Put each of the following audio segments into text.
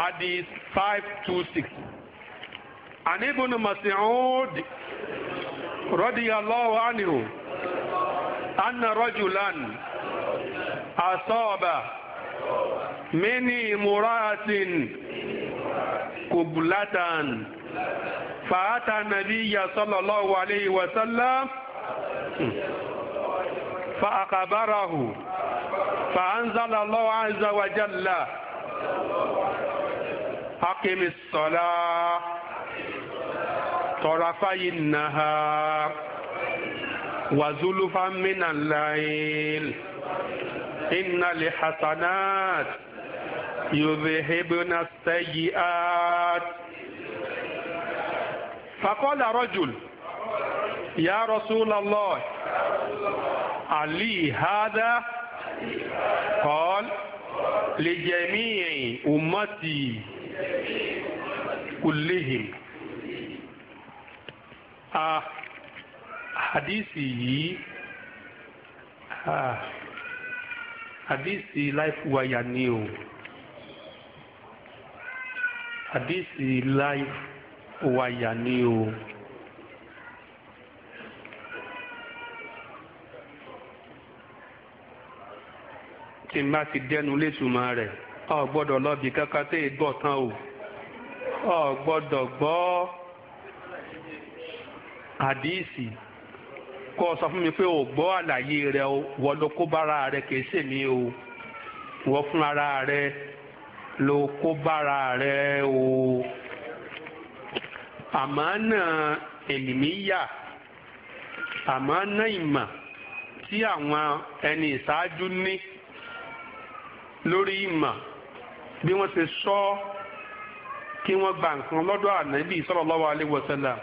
hadith five two six عن ابن مسعود رضي الله عنه أن رجلا أصاب من امرأة قبلة فأتى النبي صلى الله عليه وسلم فأخبره فأنزل الله عز وجل أقم الصلاة طرفي النهار وزلفا من الليل إن الحسنات يذهبن السيئات فقال رجل يا رسول الله علي هذا قال لجميع أمتي kullihim a hadisi yìí hadisi life wire ni o hadisi life wire ni o. tí n bá ti dẹnu létùmọ̀ rẹ̀ ọ gbọ́dọ̀ lọ bí kankan tẹ́ gbọ́ tán o ọ gbọ́dọ̀ gbọ́ àdíìsì kó o sọ fún mi pé o gbọ́ àlàyé rẹ o wọ́n ló kó bára rẹ kìí ṣe mí o wọ́n fún ara rẹ ló kó bára rẹ o àmọ́ náà ènìmíyà àmọ́ náà ìmọ̀ tí àwọn ẹni ìṣáájú ní lórí ìmọ̀ bí wọ́n ṣe sọ kí wọ́n gba nǹkan lọ́dọ̀ ànábì sallallahu alaihi wasallam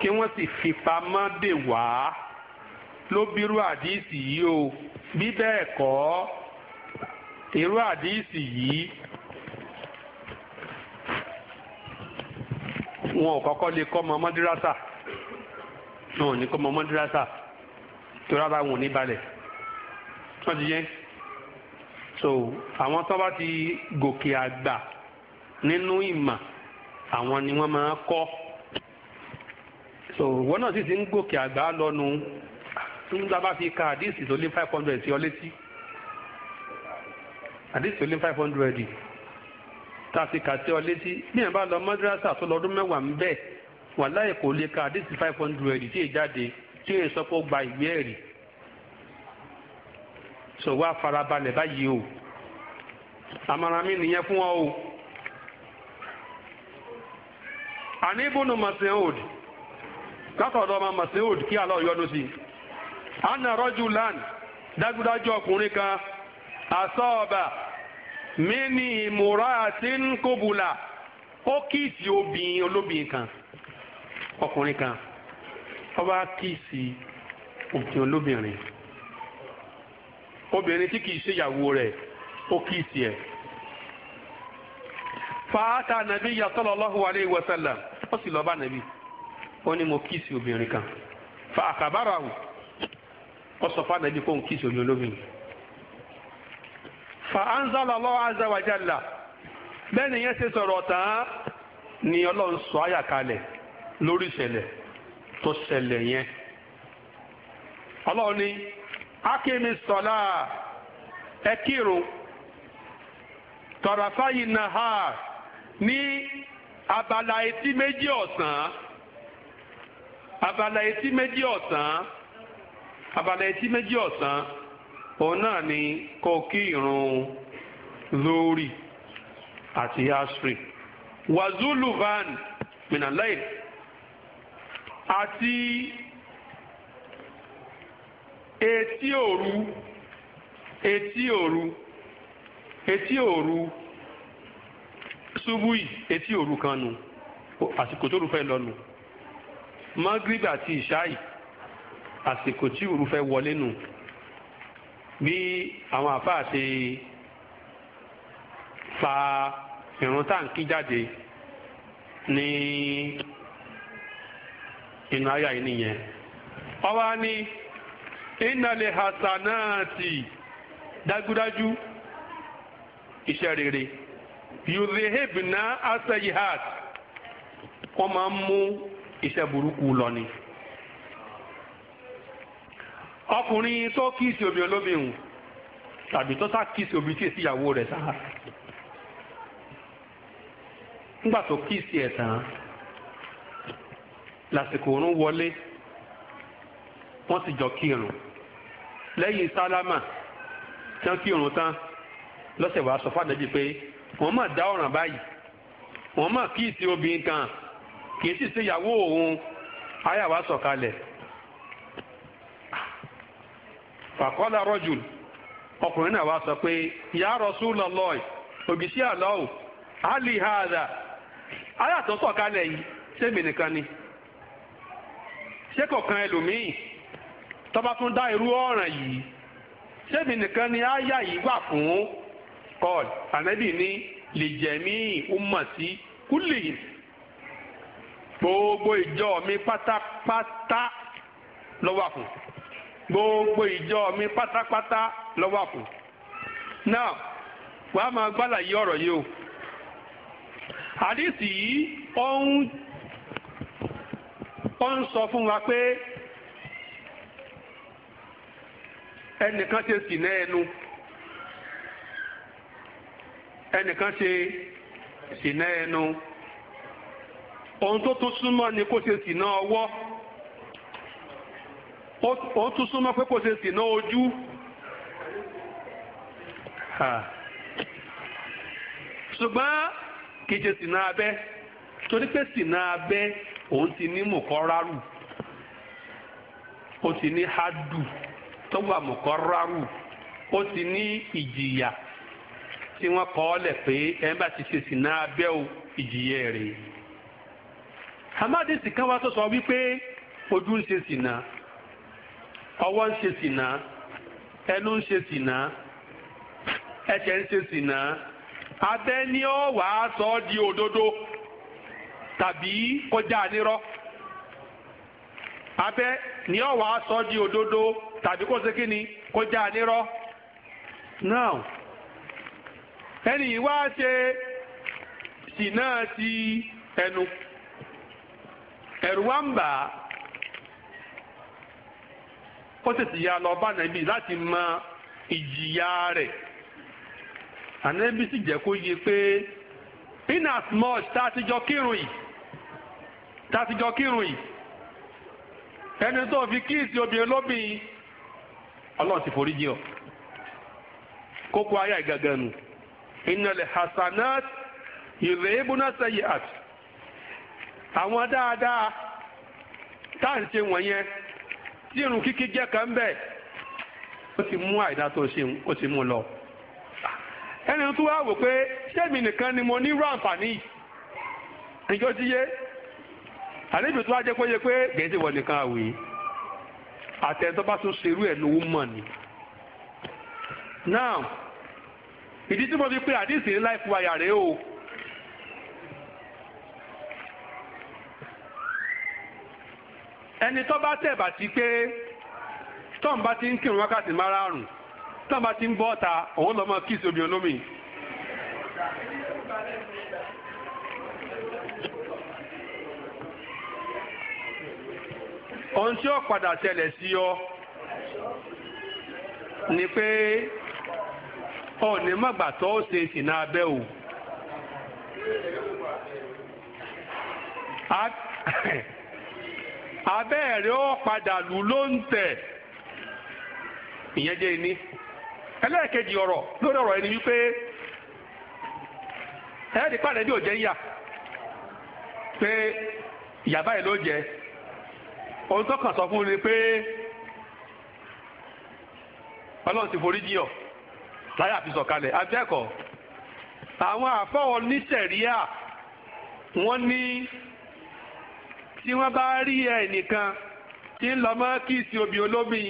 kí wọ́n sì fi dè wá ló bírú àdíìsì yìí o bí bẹ́ẹ̀ kọ́ irú àdíìsì yìí wọn ò kọ́kọ́ lè kọ́ ọmọ mọ́dírásà wọn ò ní kọ́ ọmọ mọ́dírásà torí àbáwọn ní balẹ̀ wọ́n ti yẹn so àwọn tó bá ti gòkè àgbà nínú ìmọ̀ àwọn ni wọ́n máa kọ́ so wọn náà sì ti ń gòkè àgbà lọ́nu nígbà bá fi ka àdìsí tó lé five hundred sí ọ létí àdìsí tó lé five hundred tá a fi kà sí ọ létí bí ẹ bá lọ mọ́dúrásà tó lọ́dún mẹ́wàá ń bẹ̀ wàláì kò lè ka àdìsí five hundred tí èyí jáde tí èyí sọ pé ó gba ìwé ẹ̀rí sọ wá farabalẹ̀ báyìí o àmàrà mi nìyẹn fún ọ o. àní ibùnú Mas'ud látọ̀dọ̀ ọmọ Mas'ud kí Allah yọ́nú sí i. anna rajulan dájúdájú ọkùnrin kan asọ́ọ̀bà mini muratin kubula ó kíìsì obìnrin olóbìnrin kan ọkùnrin kan ó kíìsì obìnrin olóbìnrin. obìnrin tí kìí ṣèyàwó rẹ̀ ó kìí tiẹ̀. fàáta nàbí sallallahu alayhi wa sallam ó sì lọ bá nàbí ó ní mo kìí sí obìnrin kan fa àkàbàrà wò ó sọ fún nàbí n kìí sí omi fa anzala Allahu azza wa jalla bẹ́ẹ̀ ni yẹn ṣe sọ̀rọ̀ tán ni ọlọ́run sọ lori kalẹ̀ lórí ìṣẹ̀lẹ̀ tó ṣẹlẹ̀ yẹn ọlọ́run ni. akimi sọlá ẹ kírun tọrafayi nahar ní abala etí méjì ọ̀sán abala etí méjì ọ̀sán abala etí méjì ọ̀sán òun ni kò kí irun lórí àti asri wazulu van minalai àti etí òru etí òru etí òru ṣubúì etí òru kan nu àsìkò tó rú fẹ́ lọ nu magrib àti ìṣáì àsìkò tí òru wọlé nu bí àwọn àfáà ṣe fa ìrun táǹkì jáde ní inú ayé àyè nìyẹn ọba ní. ìnàlẹ̀ hasanaati dájúdájú iṣẹ́ rere yudhihibna asayihat wọ́n máa ń mú iṣẹ́ burúkú lọ ni. ọkùnrin tó kíìsì omi olóbìnrin tàbí tó sá kíìsì omi tí èsì ìyàwó rẹ̀ sáà nígbà tó kíìsì ẹ̀ tán wọ́n sì jọ kírun. lẹ́yìn sálámà tí wọ́n kí irun tán lọ́sẹ̀ wàá sọ fáànàbí pé wọ́n mọ̀ dá ọ̀ràn báyìí wọ́n mọ̀ kí ìsì obìnrin kan kì í sì ṣe ìyàwó òun ayé àwa sọ̀kalẹ̀ fàkọ́lá rọ́jùl ọkùnrin náà wá sọ pé ya Rasulullah òbísí àlọ́ọ̀ àlì hàdà ayàtọ̀ sọ̀kalẹ̀ yìí sẹ́mi nìkan ni ṣé kọ̀ọ̀kan ẹlòmíì. tọba tún dá irú ọ̀ràn yìí ṣébi nìkan ni àyà yìí wà fún kọ́ọ̀l ànábì ní lè jẹ̀mí ummati kúlì gbogbo ìjọ mi pátápátá ló wà gbogbo ìjọ mi pátápátá ló wà náà wàá máa gbálà yí ọ̀rọ̀ yìí o àdìsí yìí ó ń sọ fún wa pé. ẹnìkan ṣe sìnà ẹnu ẹnìkan ṣe sìnà ẹnu ohun tó tún súnmọ́ ni kó ṣe sìnà ọwọ́ ó tún súnmọ́ pé kó ṣe sìnà ojú ṣùgbọ́n kì í ṣe sìnà abẹ́ torí pé sìnà abẹ́ òun ti ní mọ̀kọ́rárù ó ti ní hádùú. tó wà mọ̀kọ́rọ́rù ó ti ní ìjìyà tí wọ́n kọ́ ọ́ lẹ̀ pé ẹ̀ náà abẹ́ o ìjìyà rẹ̀. hamadi kan wá tó sọ wípé ojú ń ṣe sìnà ọwọ́ ń ṣe sìnà ẹnu ń ṣe sìnà ẹsẹ̀ ń ṣe sìnà abẹ́ ni abẹ ni ó wá sọ di òdodo tàbí kó ṣe kíni kó já nírọ́ now ẹni yìí wá ṣe sì náà ti ẹnu ẹ̀rù wá ń bà á ó sì ti ya lọ bá nàbí láti mọ ìjìyà rẹ̀ ànábì sì jẹ́ kó yé pé in as much tá a ti jọ kírun yìí tá a ti jọ kírun yìí. ẹni tó fi kíìsì obìnrin lóbìn ọlọ́run ti forí jìn ọ́ kókó ayé àgàgà nù ìnàlẹ̀ hasanat ìrè ibùnà sẹ́yìn àt àwọn dáadáa tá à ń ṣe wọ̀nyẹn tí irun kíkí jẹ́ kan bẹ́ẹ̀ ó ti mú àìdá tó ṣe ó ti mú lọ ẹni tó wá wò pé ṣé èmi nìkan ni mo ní irú àǹfààní yìí ìjọ ti yé àníbi tó wá jẹ́ péye pé gbèsè wọ̀ nìkan àwì àtẹ̀tọ́ bá tún ṣerú ẹ̀ lówó mọ̀ ni. now ìdí tí mo fi pé àdìsí ńlá ìfúwayà rèé o. ẹni tó bá tẹ̀ bá ti pé tọ́n bá ti ń kírun wákàtí márààrún tọ́n bá ti ń gbọ́ ọ̀ta òun lọ́mọ kíìsì obìnrin olómi. ohun tí ó padà ṣẹlẹ̀ sí ọ ni pé ọ̀nì mọ̀gbà tó ṣe ìsìn abẹ́ o. abẹ́ rẹ̀ ó padà lù ló ń tẹ̀ ìyẹn jẹ́ ìní. ẹlẹ́ẹ̀kejì ọ̀rọ̀ lórí ọ̀rọ̀ ẹni wípé ẹ̀ẹ́dì pàdé bí ò jẹ́ yà pé ìyàbá yìí ló jẹ́ ohun tó kàn sọ fún mi pé ọlọ́run ti forí jiyọ̀ láyà fi sọ̀kalẹ̀ abẹ́ẹ̀kọ́ àwọn àfọwọ́ nítẹ̀ríà wọ́n ní tí wọ́n bá rí ẹnìkan tí ń lọ mọ́ kíìsì obì olóbì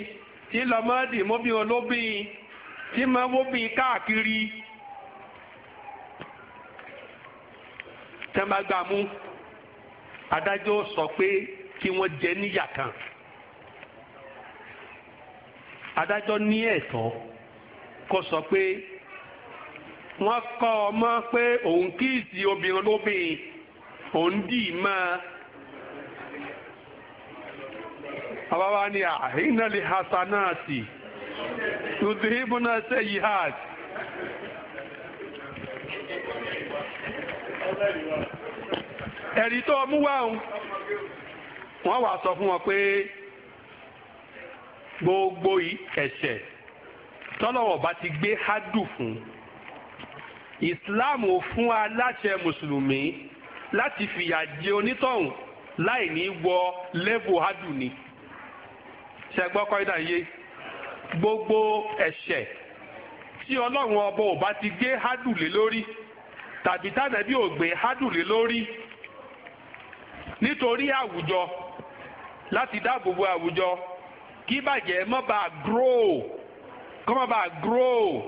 tí ń lọ mọ́ dìmóbì olóbì tí mọ́ wóbì káàkiri tẹ́mágbàmú adájọ́ sọ pé kí wọ́n jẹ níyà kan adájọ́ ní ẹ̀tọ́ kó sọ pé wọ́n kọ́ ọmọ pé òun kíìsì obìnrin lóbìnrin òun dì í mọ́ ọ. bàbá wa ní àhínàlè hasanati yudhibuna sayyihat. ẹ̀rí tó mú wá òun. wọ́n wàá sọ fún wọn pé gbogbo ẹ̀ṣẹ̀ tọ́lọ́wọ̀ bá ti gbé hádù fún Islam ò fún aláṣẹ mùsùlùmí láti fìyà jẹ onítọ̀hún láì ní wọ lẹ́bù hádù ni ṣẹgbọ́n kọ́ńdà yé gbogbo ẹ̀ṣẹ̀ tí ọlọ́run ọba ò bá ti gbé hádù lé lórí tàbí tàbí ò gbé hádù lé lórí nítorí àwùjọ láti dáàbò bo àwùjọ kí bàjẹ́ má bàa grow kó má bàa grow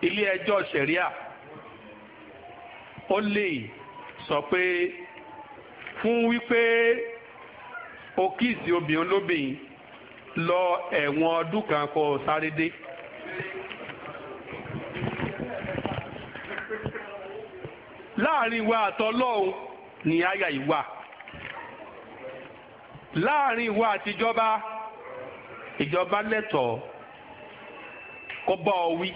ilé ẹjọ́ ṣẹ̀ríà ó lè sọ pé fún wípé òkìsì obìnrin lóbìnrin lọ ẹ̀wọ̀n ọdún kan kó sáré dé. láàrin wa àtọ́lọ́hún ni àyà yìí láàrin ìwà àtijọba ìjọba lẹtọọ lẹ́tọ̀ọ́ kó bá ọ wí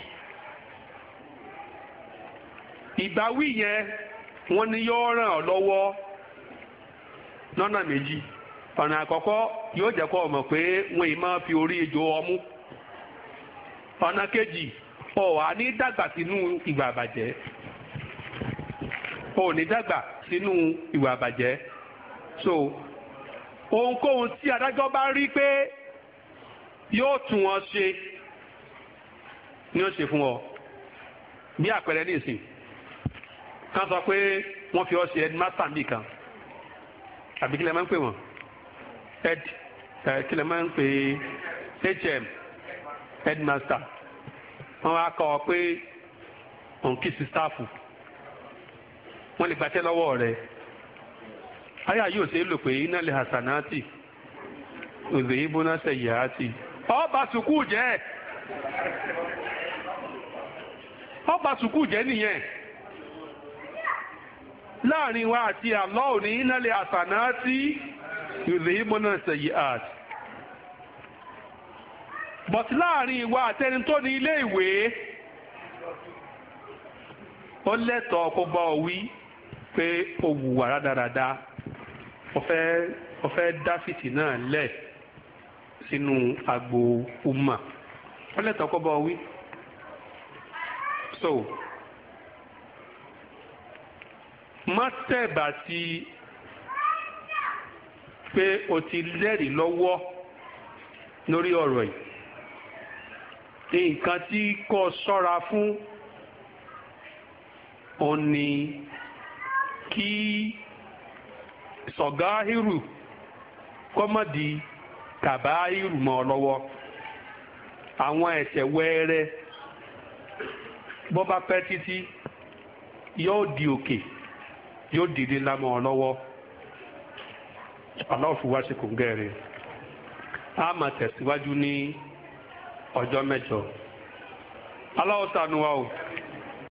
ìbáwí yẹn wọn ni yóò ràn ọ lọwọ lọ́nà méjì ọ̀nà àkọkọ yóò jẹ́ kó o mọ pé wọn ì máa fi orí ejò ọmú ọnà kejì ọ wà ní dàgbà sínú ìgbà àbàjẹ́. ò ní dàgbà sínú ìwà àbàjẹ́ so ohunkóhun tí adájọ́ bá rí pé yóò tún ọ ṣe ni ó ṣe fún ọ bí àpẹẹrẹ nísìn kan sọ pé wọ́n fi ọ ṣe headmaster mi kan àbí kílẹ̀ máa ń pè wọ́n head kílẹ̀ máa ń pè hm headmaster wọ́n wá kọ́ ọ pé òun sí sítáàfù wọ́n lè gbàtẹ́ lọ́wọ́ rẹ̀ aya yóò ṣe lò pé iná lè hasanati òzè ibùnà sẹ̀yàtì ọba jẹ́ ọba sùkúù jẹ́ nìyẹn láàrin wa àti àlọ́ òní iná lè hasanati òzè ibùnà sẹ̀yàtì but láàrin wa àtẹni tó ní ilé ìwé ó lẹ́tọ̀ọ́ kó pé o wùwà rádaràda ọ̀fẹ́ ọ̀fẹ́ dá fìtínà lẹ̀ sínú agbo umma wọ́n lẹ́tọ̀ọ́ kọ́ bọ́ wí. so mọ́tẹ́ẹ̀bà ti pé o ti lẹ́rìí lọ́wọ́ lórí ọ̀rọ̀ yìí nǹkan tí kò sọ́ra fún òun ni kí sọ̀gáhírù kọ́mọ̀dì kàbáhírù mọ́ ọ lọ́wọ́ àwọn ẹ̀sẹ̀ wẹ́ẹ́rẹ́ bó bá pẹ́ títí yóò di òkè yóò di lílá mọ́ ọ lọ́wọ́ ọlọ́ọ̀fù wá sí kòǹgẹ́rẹ́ a máa tẹ̀síwájú ní ọjọ́ mẹ́jọ aláwọ̀ wa o.